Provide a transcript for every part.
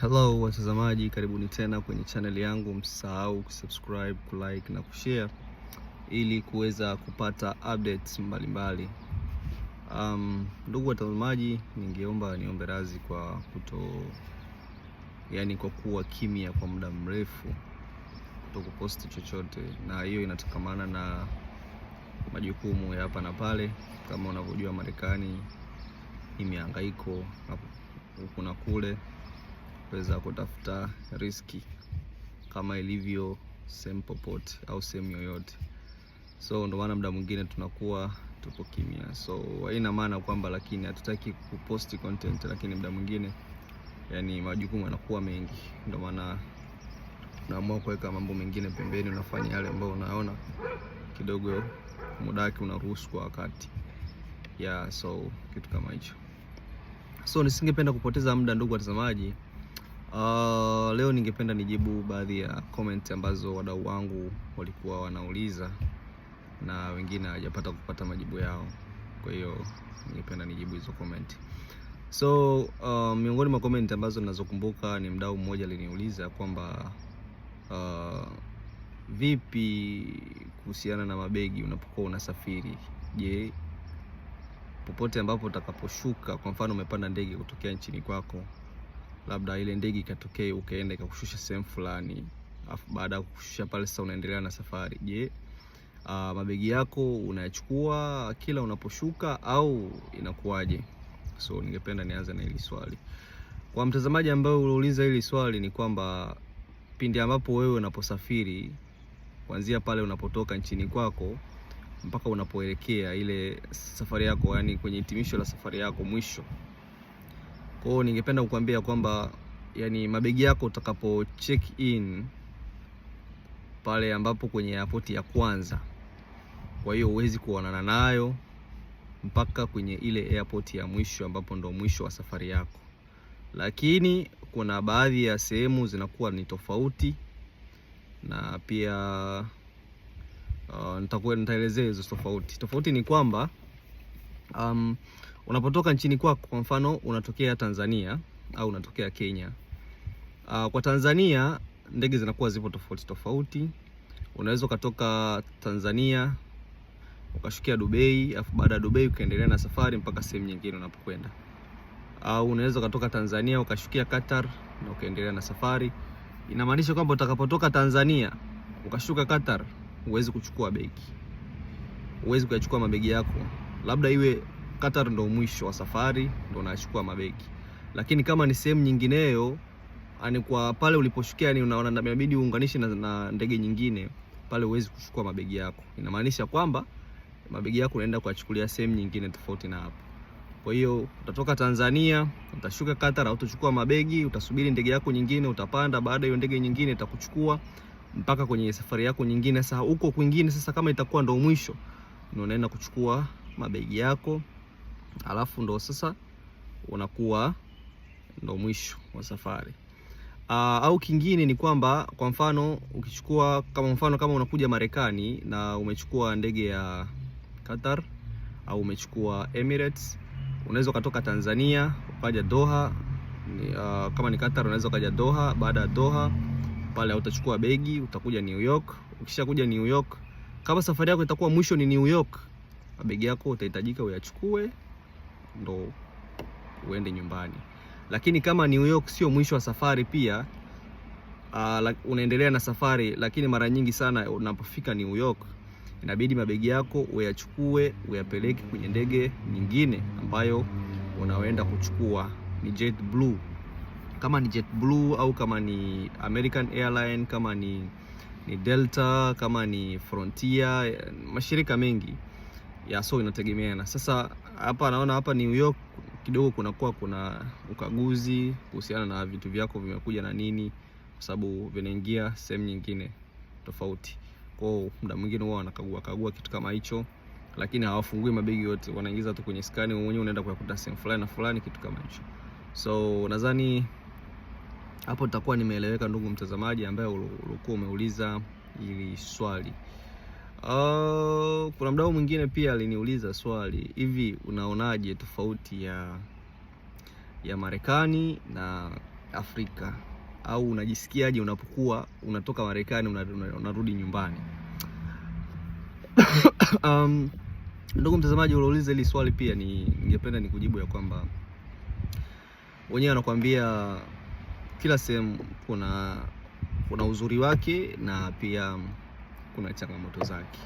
Hello watazamaji, karibuni tena kwenye channel yangu. Msahau kusubscribe, kulike na kushare ili kuweza kupata updates mbalimbali Um, ndugu watazamaji, ningeomba niombe radhi kwa kuto, yani kwa kuwa kimya kwa muda mrefu kutokuposti chochote, na hiyo inatokamana na majukumu ya hapa na pale. Kama unavyojua Marekani ni mihangaiko huku na kule kuweza kutafuta riski kama ilivyo sehemu popote au sehemu yoyote. So ndo maana muda mwingine tunakuwa tupo kimya, so haina maana kwamba lakini hatutaki kuposti content, lakini muda mwingine yani majukumu yanakuwa mengi, ndo maana unaamua kuweka mambo mengine pembeni, unafanya yale ambayo unaona kidogo muda wake unaruhusu kwa wakati ya yeah, so kitu kama hicho. So nisingependa kupoteza muda, ndugu watazamaji. Uh, leo ningependa nijibu baadhi ya comment ambazo wadau wangu walikuwa wanauliza na wengine hawajapata kupata majibu yao, kwa hiyo ningependa nijibu hizo comment. So uh, miongoni mwa comment ambazo ninazokumbuka ni mdau mmoja aliniuliza kwamba uh, vipi kuhusiana na mabegi unapokuwa unasafiri. Je, popote ambapo utakaposhuka, kwa mfano umepanda ndege kutokea nchini kwako labda ile ndege ikatokee ukaenda ikakushusha sehemu fulani, afu baada ya kukushusha pale sasa unaendelea na safari. Je, uh, mabegi yako unayachukua kila unaposhuka au inakuwaje? So ningependa nianze na hili swali. Kwa mtazamaji ambaye uliuliza hili swali, ni kwamba pindi ambapo wewe unaposafiri kuanzia pale unapotoka nchini kwako mpaka unapoelekea ile safari yako, yani kwenye hitimisho la safari yako mwisho kwa hiyo ningependa kukuambia kwamba yani mabegi yako utakapo check in pale ambapo kwenye airport ya kwanza, kwa hiyo huwezi kuonana nayo mpaka kwenye ile airport ya mwisho ambapo ndo mwisho wa safari yako, lakini kuna baadhi ya sehemu zinakuwa ni tofauti na pia uh, nitakuwa nitaelezea hizo tofauti. Tofauti ni kwamba um, unapotoka nchini kwako, kwa mfano unatokea Tanzania au unatokea Kenya. Uh, kwa Tanzania ndege zinakuwa zipo tofauti tofauti. Unaweza ukatoka Tanzania ukashukia Dubai, afu baada ya Dubai ukaendelea na safari mpaka sehemu nyingine unapokwenda. Au uh, unaweza ukatoka Tanzania ukashukia Qatar na ukaendelea na safari. Inamaanisha kwamba utakapotoka Tanzania ukashuka Qatar, huwezi kuchukua begi, huwezi kuyachukua mabegi yako labda iwe Qatar ndo mwisho wa safari ndo nashukua mabeki, lakini kama ni sehemu nyingineyo ani kwa pale uliposhukia yani unaona inabidi uunganishe na, na ndege nyingine pale, huwezi kuchukua mabegi yako. Inamaanisha kwamba mabegi yako unaenda kuachukulia sehemu nyingine tofauti na hapo. Kwa hiyo utatoka Tanzania utashuka Qatar, au utachukua mabegi, utasubiri ndege yako nyingine, utapanda baada hiyo ndege nyingine itakuchukua mpaka kwenye safari yako nyingine. Sasa huko kwingine, sasa kama itakuwa ndo mwisho, ndio unaenda kuchukua mabegi yako, alafu ndo sasa unakuwa ndo mwisho wa safari. Aa, ah, au kingine ni kwamba kwa mfano ukichukua kama mfano kama unakuja Marekani na umechukua ndege ya Qatar au umechukua Emirates, unaweza ukatoka Tanzania ukaja Doha. ni, Uh, kama ni Qatar unaweza ukaja Doha. Baada ya Doha pale utachukua begi utakuja New York. Ukishakuja New York, kama safari yako itakuwa mwisho ni New York, mabegi yako utahitajika uyachukue ndo uende nyumbani. Lakini kama New York sio mwisho wa safari pia uh, unaendelea na safari, lakini mara nyingi sana unapofika New York inabidi mabegi yako uyachukue uyapeleke kwenye ndege nyingine ambayo unaenda kuchukua ni Jet Blue. Kama ni Jet Blue au kama ni American Airline, kama ni, ni Delta, kama ni Frontier, eh, mashirika mengi ya so inategemeana. Sasa hapa naona hapa New York kidogo kunakuwa kuna ukaguzi kuhusiana na vitu vyako vimekuja na nini, kwa sababu vinaingia sehemu nyingine tofauti. Kwa hiyo muda mwingine huwa wanakagua kagua kitu kama hicho, lakini hawafungui mabegi yote, wanaingiza tu kwenye skani, wewe mwenyewe unaenda kuyakuta sehemu fulani na fulani, kitu kama hicho. So nadhani hapo nitakuwa nimeeleweka, ndugu mtazamaji ambaye ulikuwa umeuliza ili swali. Uh, kuna mdau mwingine pia aliniuliza swali hivi, unaonaje tofauti ya ya Marekani na Afrika au unajisikiaje unapokuwa unatoka Marekani unarudi nyumbani? Um, ndugu mtazamaji uliouliza hili swali pia ni ningependa nikujibu ya kwamba wenyewe wanakuambia kila sehemu kuna kuna uzuri wake na pia kuna changamoto zake.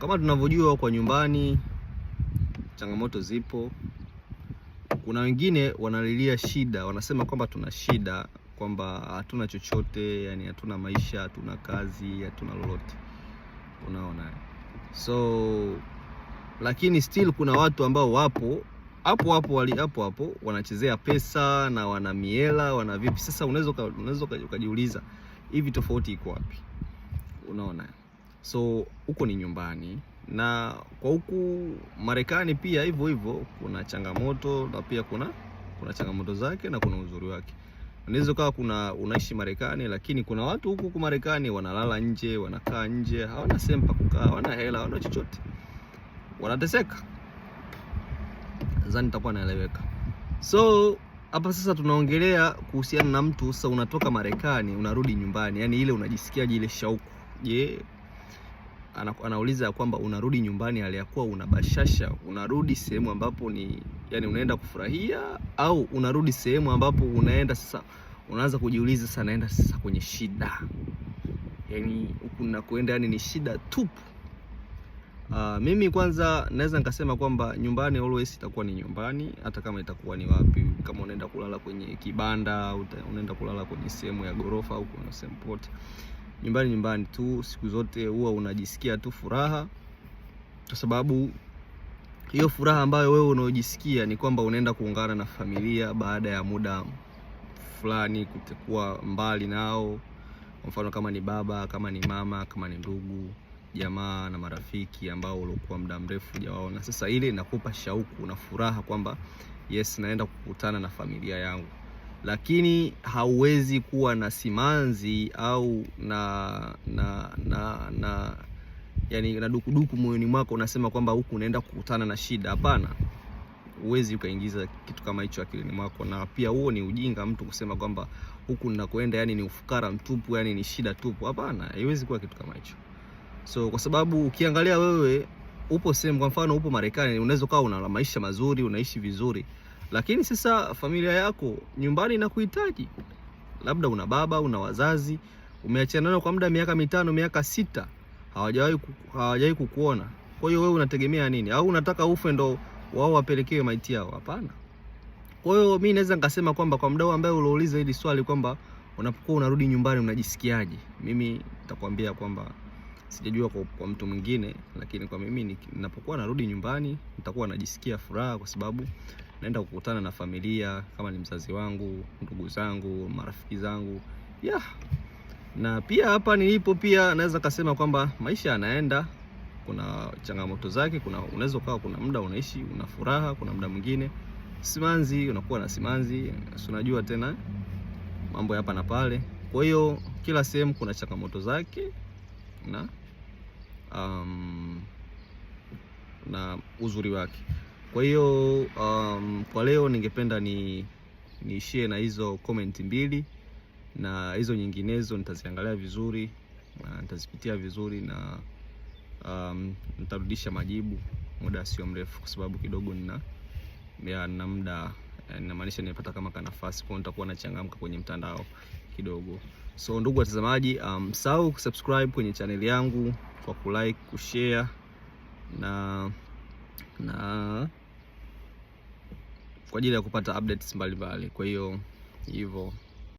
Kama tunavyojua kwa nyumbani, changamoto zipo. Kuna wengine wanalilia shida, wanasema kwamba tuna shida, kwamba hatuna chochote, yani hatuna maisha, hatuna kazi, hatuna lolote, unaona. So lakini still kuna watu ambao wapo hapo hapo wali hapo hapo wanachezea pesa na wana miela wana vipi. Sasa unaweza unaweza ukajiuliza hivi tofauti iko wapi? unaona. So huko ni nyumbani, na kwa huku Marekani pia hivyo hivyo, kuna changamoto na pia kuna kuna changamoto zake na kuna uzuri wake. Unaweza kawa kuna unaishi Marekani, lakini kuna watu huku huku Marekani wanalala nje, wanakaa nje, hawana sehemu pa kukaa, hawana hela, hawana chochote, wanateseka. Nadhani nitakuwa naeleweka. So hapa sasa tunaongelea kuhusiana na mtu sasa, unatoka Marekani unarudi nyumbani, yani ile unajisikiaje ile shauku Je, anauliza kwamba unarudi nyumbani hali ya kuwa una bashasha, unarudi sehemu ambapo ni yani unaenda kufurahia au unarudi sehemu ambapo unaenda sasa, unaanza kujiuliza sasa, naenda sasa kwenye shida, yani huku nakuenda yani ni shida tupu. Uh, mimi kwanza naweza nikasema kwamba nyumbani always itakuwa ni nyumbani, hata kama itakuwa ni wapi. Kama unaenda kulala kwenye kibanda, unaenda kulala kwenye sehemu ya ghorofa au kwenye sehemu pote, nyumbani nyumbani tu, siku zote huwa unajisikia tu furaha, kwa sababu hiyo furaha ambayo wewe unaojisikia ni kwamba unaenda kuungana na familia baada ya muda fulani kutokuwa mbali nao. Kwa mfano kama ni baba, kama ni mama, kama ni ndugu, jamaa na marafiki ambao ulikuwa muda mrefu hujawaona, sasa ile inakupa shauku na furaha kwamba yes, naenda kukutana na familia yangu lakini hauwezi kuwa na simanzi au na na na na yani na dukuduku moyoni mwako unasema kwamba huku unaenda kukutana na shida. Hapana, huwezi ukaingiza kitu kama hicho akilini mwako, na pia huo ni ujinga mtu kusema kwamba huku ninakoenda yani ni ufukara mtupu, yani ni shida tupu. Hapana, haiwezi kuwa kitu kama hicho. So kwa sababu ukiangalia wewe upo sehemu, kwa mfano upo Marekani, unaweza ukawa una maisha mazuri, unaishi vizuri lakini sasa familia yako nyumbani inakuhitaji, labda una baba, una wazazi, umeachana nao kwa muda miaka mitano, miaka sita, hawajawahi hawajawahi kukuona. Kwa hiyo wewe unategemea nini? Au unataka ufe ndo wao wapelekewe maiti yao? Hapana. Kwa hiyo mimi naweza nikasema kwamba kwa mdau ambaye uliouliza hili swali kwamba unapokuwa unarudi nyumbani unajisikiaje, mimi nitakwambia kwamba sijajua kwa, kwa mtu mwingine, lakini kwa mimi ninapokuwa narudi nyumbani nitakuwa najisikia furaha, kwa sababu naenda kukutana na familia, kama ni mzazi wangu, ndugu zangu, marafiki zangu yeah. Na pia hapa nilipo pia naweza kasema kwamba maisha yanaenda, kuna changamoto zake, kuna unaweza ukawa, kuna muda unaishi una furaha, kuna muda mwingine simanzi, unakuwa na simanzi, unajua tena mambo hapa na pale. Kwa hiyo kila sehemu kuna changamoto zake na um, na uzuri wake. Kwa hiyo um, kwa leo ningependa ni niishie na hizo comment mbili, na hizo nyinginezo nitaziangalia vizuri na nitazipitia vizuri na um, nitarudisha majibu muda sio mrefu, kwa sababu kidogo nina nina muda Eh, inamaanisha nimepata kama kana nafasi, kwa nitakuwa nachangamka kwenye mtandao kidogo. So ndugu watazamaji, um, msahau kusubscribe kwenye chaneli yangu kwa kulike, kushare na na kwa ajili ya kupata updates mbalimbali. Kwa hiyo hivyo.